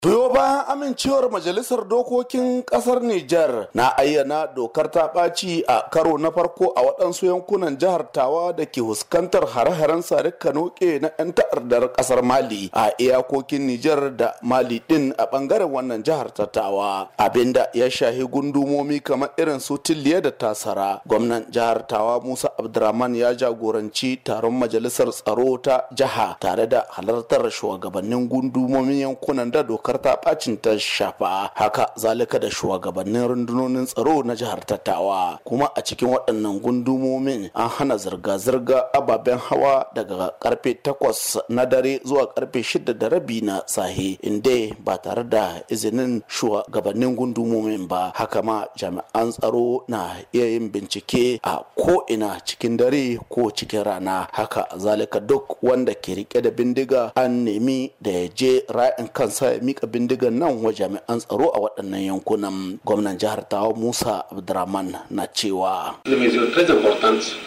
Bro! bayan amincewar majalisar dokokin kasar Nijar na ayyana dokar ta ɓaci a karo na farko a waɗansu yankunan jihar Tawa da ke fuskantar hare-haren sare kanoke na 'yan ta'addar kasar Mali a iyakokin Nijar da Mali din a ɓangaren wannan jihar ta Tawa abinda ya shahi gundumomi kamar irin su Tiliya da Tasara gwamnan jihar Tawa Musa Abdurrahman ya jagoranci taron majalisar tsaro ta jiha tare da halartar shugabannin gundumomin yankunan da dokar ta ɓaci dacin ta shafa haka zalika da shugabannin rundunonin tsaro na jihar tattawa kuma a cikin waɗannan gundumomin an hana zirga-zirga ababen hawa daga karfe takwas na dare zuwa karfe shida da rabi na sahe inda ba tare da izinin shugabannin gundumomin ba haka ma jami'an tsaro na iya yin bincike a ko ina cikin dare ko cikin rana haka zalika duk wanda ke rike da bindiga an nemi da ya je ra'in kansa ya mika bindiga Ga nan wa jami'an tsaro a waɗannan yankunan gwamnan jihar tawa musa abdurrahman na cewa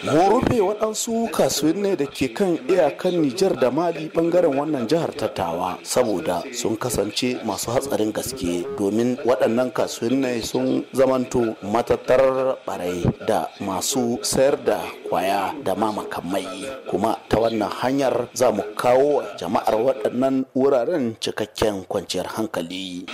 mu rufe waɗansu kasuwanni da ke kan iyakan nijar da mali ɓangaren wannan jihar ta tawa saboda sun kasance masu hatsarin gaske domin waɗannan kasuwanni sun zamanto matattarar barai da masu sayar da kwaya da ma makamai kuma ta wannan hanyar za mu kawo jama'ar waɗannan wuraren cikakken kwanciyar hankali culture.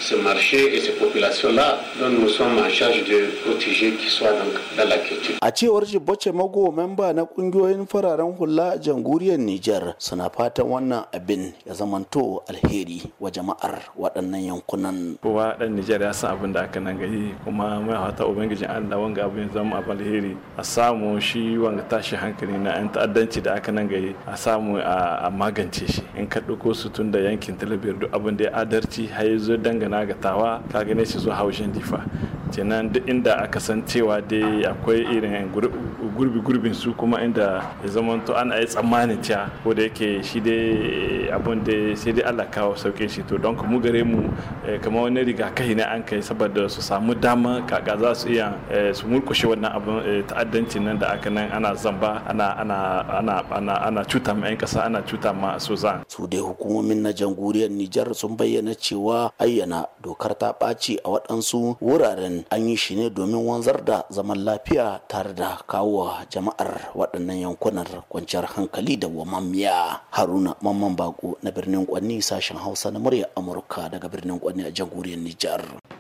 A cewar Jibbace Mago memba na kungiyoyin fararen hula a jamhuriyar Nijar suna fatan wannan abin ya zamanto alheri wa jama'ar waɗannan yankunan. Kowa ɗan Nijar ya san abin da aka nan gani kuma mai hata Ubangijin Allah wanga abin zama abu alheri a samu shi wanga tashi hankali na 'yan ta'addanci da aka nan gani a samu a magance shi in ka ɗauko su tun da yankin talabiyar duk abin da ya adalci har zo dangana ga tawa ka gane shi zo haushin difa kenan duk inda aka san cewa dai akwai irin gurbi gurbin su kuma inda ya to an yi tsammani cewa ko da yake shi dai eh, abun da sai dai Allah kawo sauke shi to don mu gare mu eh, kamar wani kai ne an kai saboda su samu dama kaka za su iya eh, su murkushe wannan abun ta'addancin nan da aka nan ana zamba ana ana ana ana ana cuta ma 'yan kasa ana cuta ma su zan. su dai hukumomin na jamhuriyar Nijar sun bayyana cewa ayyana dokar ta ɓaci a waɗansu wuraren an yi shi ne domin wanzar da zaman lafiya tare da kawo wa jama'ar waɗannan yankunan kwanciyar hankali da wamammiya haruna mamman bako na birnin kwanni sashen hausa na murya amurka daga birnin kwanni a jamhuriyar nijar